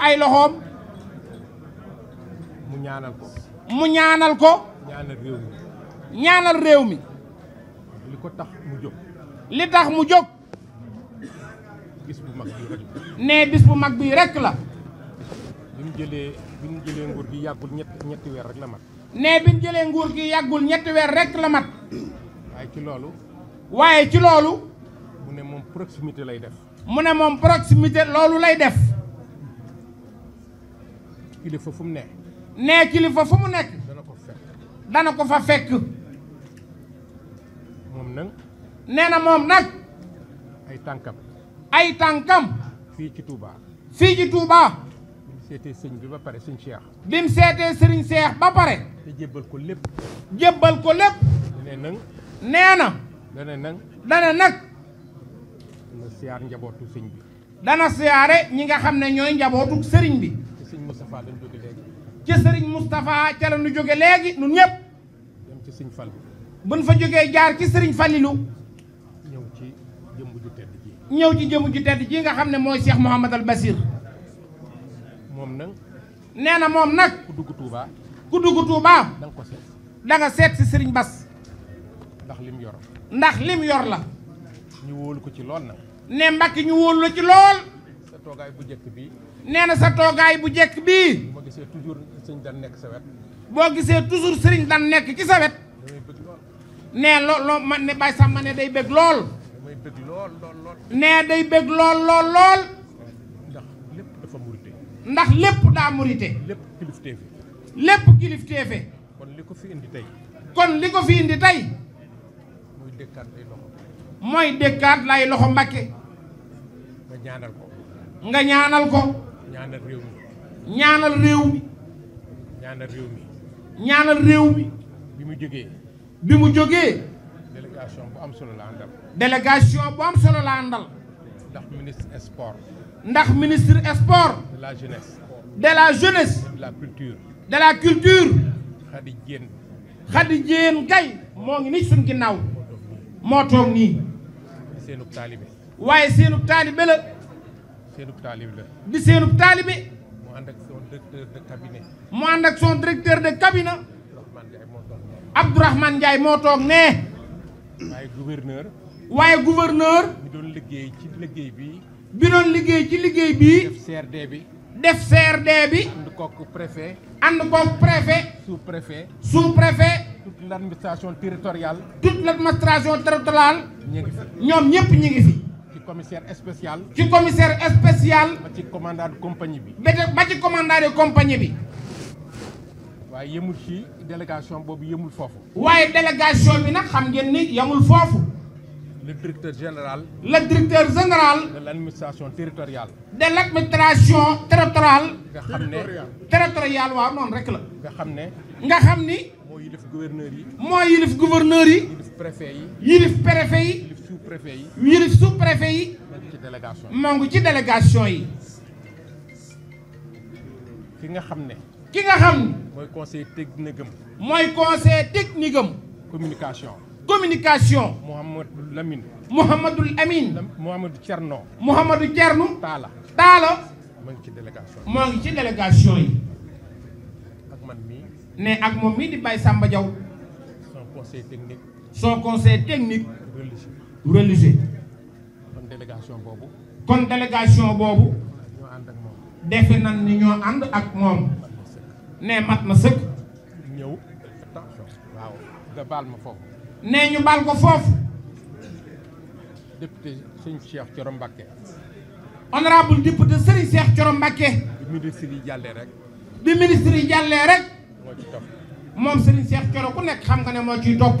ay loxom mu ñaanal ko mu ñaanal ko ñaanal rew mi ñaanal rew mi liko tax mu jog li tax mu jog bis bu mag bi rek bis bu mag bi rek la nguur gi yagul ñet ñet rek la mat ne bi mu nguur gi yagul ñet rek la mat way ci lolu waye ci lolu mu ne mom proximité lay def mu ne mom proximité lolu lay def kilifa fu mu ne. nee kilifa fu mu nekk. dana ko dana ko fa fekk. moom nag. nee na moom nag. ay tànkam. ay tànkam. fii ci Touba. fii ci Touba. seetee sëñ bi ba pare sëñ Cheikh. bi mu seetee sëriñ Cheikh ba pare. te jébbal ko lépp. jébbal ko lépp. nee na. nee na. dana nag. dana nag. dana siyaar njabootu sëñ bi. dana siyaare ñi nga xam ne ñooy njabootu sëriñ bi. sëñ Moustapha lañ jóge léegi. ci sëriñ Moustapha ca la ñu jóge léegi ñun ñëpp. dem ci sëñ Fall. buñ fa jógee jaar ci sëriñ Falilou. ñëw ci jëmm ju tedd ji. ñëw ci jëmm ju tedd ji nga xam ne mooy Cheikh Mouhamadal Basir. moom nag. nee na moom nag. ku dugg Touba. ku dugg ko seet. da seet sëriñ Bas. ndax lim yor. ndax lim yor la. ñu wóolu ko ci lool nag. ne mbakki ñu wóolu la ci lool. toogaay bu njëkk bii. nee na sa toogaay bu njëkk bii. bu ma gisee toujours sëriñ nekk sa wet. boo gisee toujours sëriñ dan nekk ci sa wet. nee loo loo man ne Baye Samba ne day bëgg lool. damay bëgg lool nee day bëgg lool lool lool. ndax lépp dafa murite. ndax lépp daa murite. lépp kilifteefe. lépp kilifteefe. kon li ko fi indi tey. kon li ko fi indi tey. mooy dëkkaat lay loxo. mooy dëkkaat lay ko. nga ñaanal ko. ñaanal réew mi. ñaanal réew mi. ñaanal réew mi. ñaanal réew mi. bi mu jógee. bi mu jógee. délégation bu am solo la àndal. délégation bu am solo la àndal. ndax ministre sport. ndax ministre sport. de la jeunesse. de la jeunesse. de la culture. de la culture. Khady Diène. Khady Diène Gaye moo ngi nii suñ ginnaaw. moo toog nii. seenu taalibe. waaye seenu taalibe la. seenub taalibe la. di seenub taalibe. mu ànd ak son directeur de cabinet. mu ànd ak son directeur de cabinet. Abdourahmane Ndiaye moo toog nee. waaye gouverneur. waaye gouverneur. bi doon liggéey ci liggéey bi. bi doon liggéey ci liggéey bi. def CRD bi. def CRD bi. ànd kook préfet. ànd kook préfet. sous préfet. sous préfet. toute l' administration territoriale. ñoom ñëpp ñu ngi commissaire spécial. Du commissaire spécial. ba ci commandant compagnie bi. ba ci commandant de compagnie bi. waaye yemul ci délégation boobu yemul foofu. waaye délégation bi nag xam ngeen ni yemul foofu. le directeur général. le directeur général. de l'administration territoriale. de l'administration territoriale. nga Territorial, wa territoriale waaw noonu rek la. nga xam ne. nga xam ni. yilif gouverneur yi. moy yilif gouverneur yi. yilif préfet yi. yilif préfet yi sous-préfet yi. yilif sous-préfet yi. moo ngi ci délégation yi. ki nga xamné ki nga xam moy conseil technique moy conseil technique communication. communication. Mohamed Lamine. Mohamed Lamine. Mohamed Thierno. Mohamed Thierno. tala tala moo ngi ci délégation yi. moo ci délégation yi. ak man mi ne ak mom mi di Baye Samba Diaw. son conseil technique. son conseil technique. religieux. du religieux. kon délégation boobu. kon délégation boobu. defe nan ni ñoo ànd ak moom. ne mat na sëkk. ñëw waaw nga baal ma foofu. ne ñu baal ko foofu. député Serigne Cheikh Thioro Mbacké. honorable député Serigne Cheikh Thioro Mbacké. bi ministre yi jàllee rek. bi ministre yi jàllee rek. moom Serigne Cheikh Thioro ku nekk xam nga ne moo ciy topp.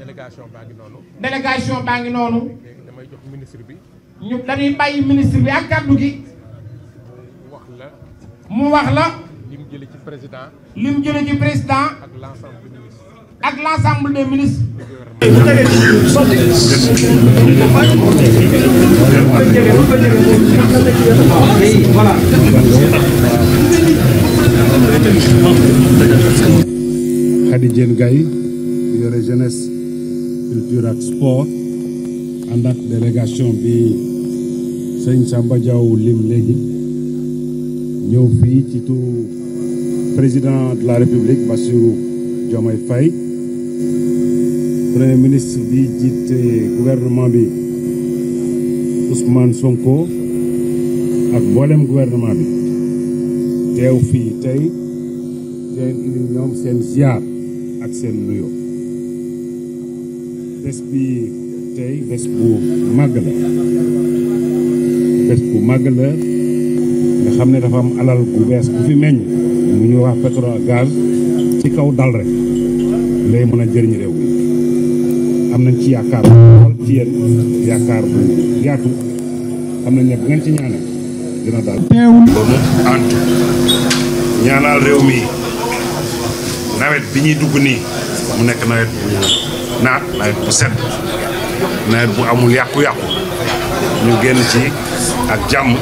délégation baa ngi noonu. délégation baa ngi noonu. léegi damay bi. ñu dañuy bàyyi ministre bi ak kàddu gi. mu wax la. mu wax la. li mu jëlee ci président. ak l' ensemble yore jeunesse culture et sport en date délégation de saint Samba Diaw lim nous président de la république Bassirou Jomai Faye premier ministre du gouvernement bi Ousmane Sonko ak le gouvernement bi union, ziar bés bi tey bés bu màgg la bés bu màgg la nga xam ne dafa am alal bu bees bu fi meññ mu ñu wax pétrole gaz ci kaw dal rek lay mën jëriñ réew mi am nañ ci yaakaar lool ci yéen yaakaar bu yaatu am nañ ne bu ngeen ci ñaanal dina daal ba mu antu ñaanal réew mi nawet bi ñuy dugg nii mu nekk nawet bu naat nawet bu set nawet bu amul yàqu-yàqu ñu génn ci ak jàmm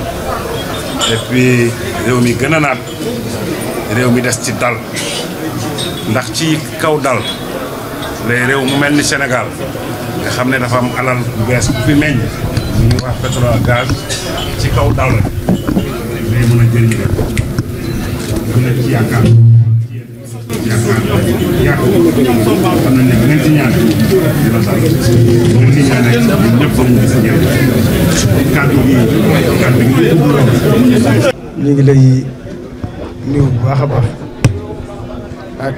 et puis réew mi gën a naat réew mi des ci dal ndax ci kaw dal lay réew mu mel ni Sénégal nga xam ne dafa am alal bu bees bu fi meññ ñu wax pétrole gaz ci kaw dal lay mën a jëriñ rek mën a ci yaakaar yaakaar yaakaar xam nañ ne bu ngeen si ñaanee dina dal ba mu si ñaanee ñëpp ba mu gis njëriñ kàddu gi kàddu gi ñu ngi lay nuyu bu baax a baax ak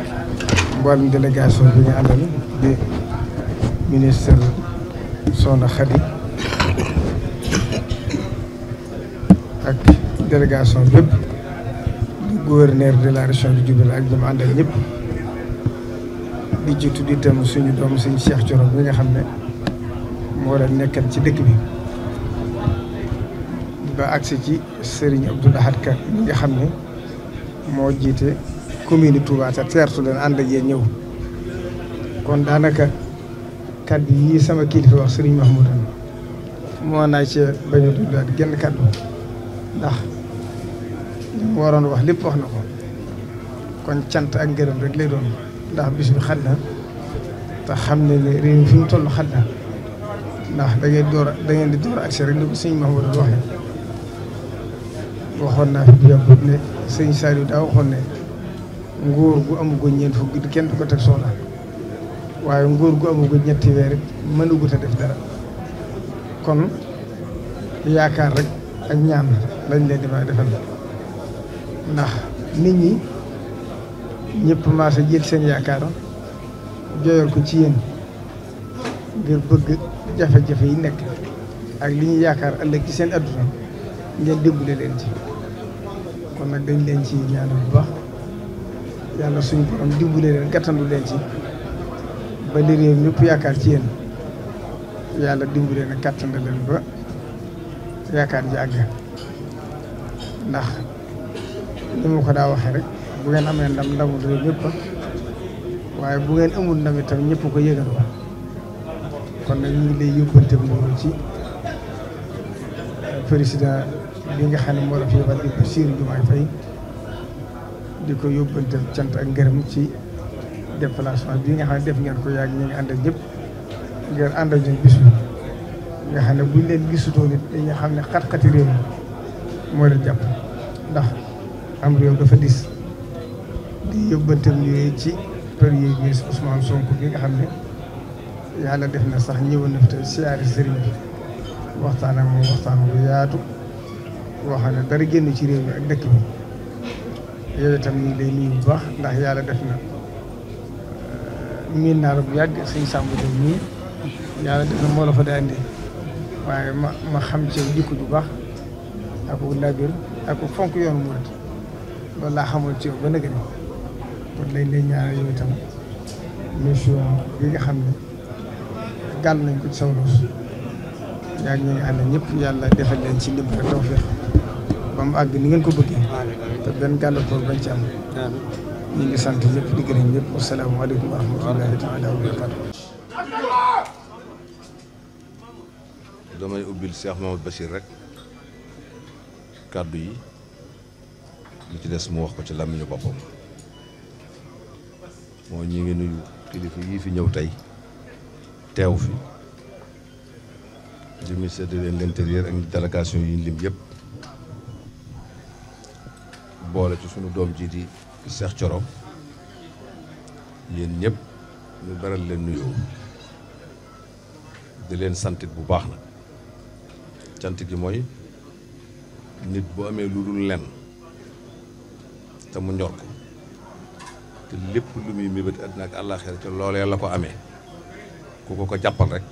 mboolem délégation bi ñu àndal di gouverneur de la région de Diourbel ak ñoom ànd ak ñëpp di ci tudd itam suñu doom suñu seex Thioro bi nga xam ne moo la nekkal ci dëkk bi ba agsi ci Serigne Abdoul Ahad Ka mi nga xam ne moo jiite commune Touba te teertu leen ànd ak ñëw kon daanaka kat yi sama kilifa wax mu Mahmoudane moo naa ci bañ a dundaat genn kàddu ndax. waroon wax lépp wax na ko kon cant ak ngërëm rek lay doon ndax bis bi xat na te xam ne ne réew fi mu toll xat na ndax da ngeen door da ngeen di door accès rek ni ko sëñ Mahamadou waxee waxoon naa fi bu yàggut ne sëñ Saliou daa waxoon ne nguur gu amugul ñeent fukk kenn du ko teg soxla waaye nguur gu amugul ñetti weer it mënagut a def dara kon yaakaar rek ak ñaan lañ leen di may defal ndax nit ñi ñëpp maasa jël seen yaakaar jooyal ko ci yéen ngir bëgg jafe-jafe yi nekk ak li ñu yaakaar ëllëg ci seen adduna ngeen dimbale leen ci kon nag dañ leen ci ñaanal bu baax yàlla suñu borom dimbale leen gàttandu leen ci ba li réew ñëpp yaakaar ci yéen yàlla dimbale na gàttandu leen ba yaakaar ji ndax ni ma ko daa waxee rek bu ngeen amee ndam ndamul réew ñëpp waaye bu ngeen amul ndam itam ñëpp ko yëgal kon nag ñu ngi lay yóbbante moom ci euh, président bi nga xam ne moo la fi yebal di ko Bassirou Diomaye Faye di ko yóbbante cant ak ngërëm ci déplacement bi nga xam ne def ngeen ko yàgg ñu ngi ànd ak ñëpp ngeen ànd ak ñun bis nga xam ne buñ leen gisutoo nit dañuy xam ne xat-xati réew moo leen jàpp ndax am réew dafa dis di yóbbantam yooyu ci premier ministre Ousmane Sonko bi nga xam ne yàlla def na sax ñëwoon na fi te siyaari sëriñ bi waxtaan yaatu boo xam ne dara génn ci réew mi ak dëkk yàlla def na eh, bu yàgg suñ sàmm jom nii yàlla def na moo la waaye ma xam ci jikko ju baax ak labir ak fonk yoonu murit loolu laa xamoon ci yow ba nag ni kon lañ lay ñaanal yow itam mission nga xam ne gàll nañ ko ci sa yaa ngi ñuy ànd ñëpp yàlla defal leen ci ndimbal tawfeex ba mu àgg ni ngeen ko bëggee te benn gàllankoor bañ ci am ñu ngi sant ñëpp di gërëm ñëpp asalaamaaleykum wa rahmatullahi taala wa barakaatu damay ubbil Cheikh Mamadou Bachir rek kàddu yi li ci des mu wax ko ci làmmiñu boppam moo ñi ngi nuyu kilifa yii fi ñëw tey teew fi di ministère leen l'intérieur ak délégation yi ñu lim yëpp boole ci sunu doom ji di Cheikh Thioro yéen ñëpp ñu beral leen nuyoo di leen santit bu baax nag cant gi mooy nit bu amee lu dul lenn te mu ñor ko te lépp lu muy mébét àddina ak àllaaxira ca loolee la ko ame ku ko ko jàppal rek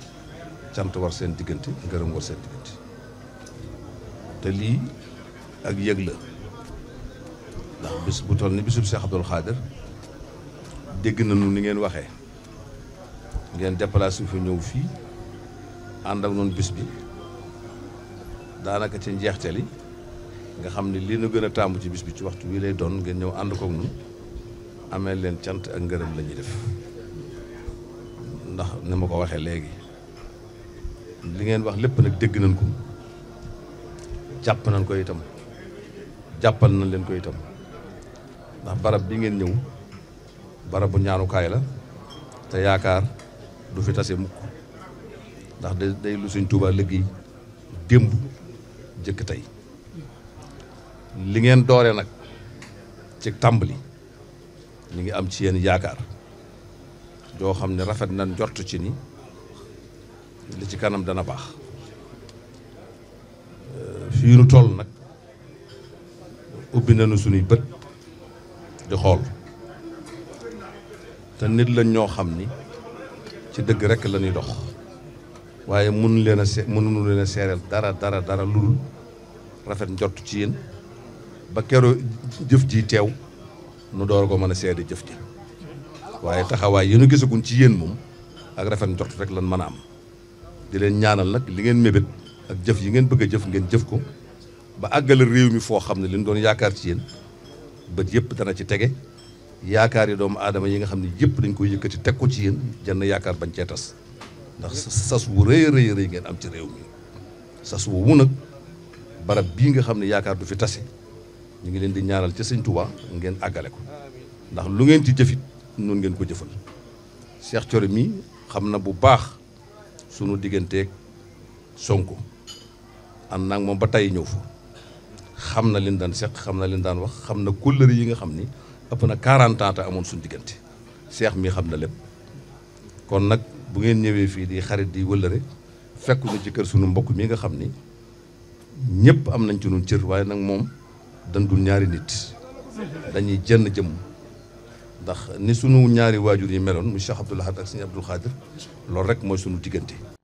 cant war seen diggante ngërëm war seen diggante te lii ak yëg la ndax bis bu toll ni bisub Cheikh Abdoul Khadir dégg nañu ni ngeen waxe ngeen déplacé fi ñëw fii ànd ak noonu bis bi daanaka ci njeexte li nga xam ni lii nu gën a taamu ci bis bi ci waxtu wii lay doon ngeen ñëw ànd kook nun amee leen cant ak ngërëm lañuy def ndax ni ma ko waxee léegi li ngeen wax lépp nag dégg nañ ko jàpp nañ ko itam jàppal nañ leen ko itam ndax barab bi ngeen ñëw barabu ñaanukaay la te yaakaar du fi tase mukk ndax day day lu suñ Tuubaa léegi démb jëkk tey li ngeen doore nak ci tambali ñu ngi am ci yeen yaakar joo xamne rafet na njort ci ni li ci kanam dana bax euh, fi ñu toll nak ubbi nañu suñu bëtt di xol te nit lañ ñoo xamni ci dëgg rek lañuy dox waye mënu leena mënu se mënuñu dara dara dara lu rafat rafet jortu ci yeen ba keroog jëf ji teew nu door ko mën a seede jëf ji waaye taxawaay yi nu gisaguñ ci yéen moom ak rafet njort rek lan mën a am di leen ñaanal nag li ngeen mébét ak jëf yi ngeen bëgg a jëf ngeen jëf ko ba àggale réew mi foo xam ne leen doon yaakaar ci yéen bët yëpp dana ci tege yaakaar yi doomu aadama yi nga xam ne yëpp dañ koy yëkkati teg ko ci yéen jënd yaakaar bañ cee tas ndax sas wu rëy rëy rëy ngeen am ci réew mi sas woowu nag barab bii nga xam ne yaakaar du fi tase ñu ngi leen di ñaanal ci sëñ Touba ngeen àggale ko ndax lu ngeen ci jëfit noonu ngeen ko jëfal Cheikh Thioro mii xam na bu baax sunu digganteeg Sonko ànd naa moom ba tey ñëw fa xam na leen daan seq xam na leen daan wax xam na kóllëre yi nga xam ni ëpp na amoon suñu diggante Cheikh mi xam na lépp kon nag bu ngeen ñëwee fii di xarit di wëllëre fekk ñu jëkkër kër sunu mbokk mii nga xam ni ñëpp am nañ ci nun cër waaye nag moom. dañ dul ñaari nit dañuy jënn jëm ndax ni sunu ñaari waajur yi meloon mu Cheikh Abdoul Ahad ak sëñ Abdoul Khadir loolu rek mooy sunu diggante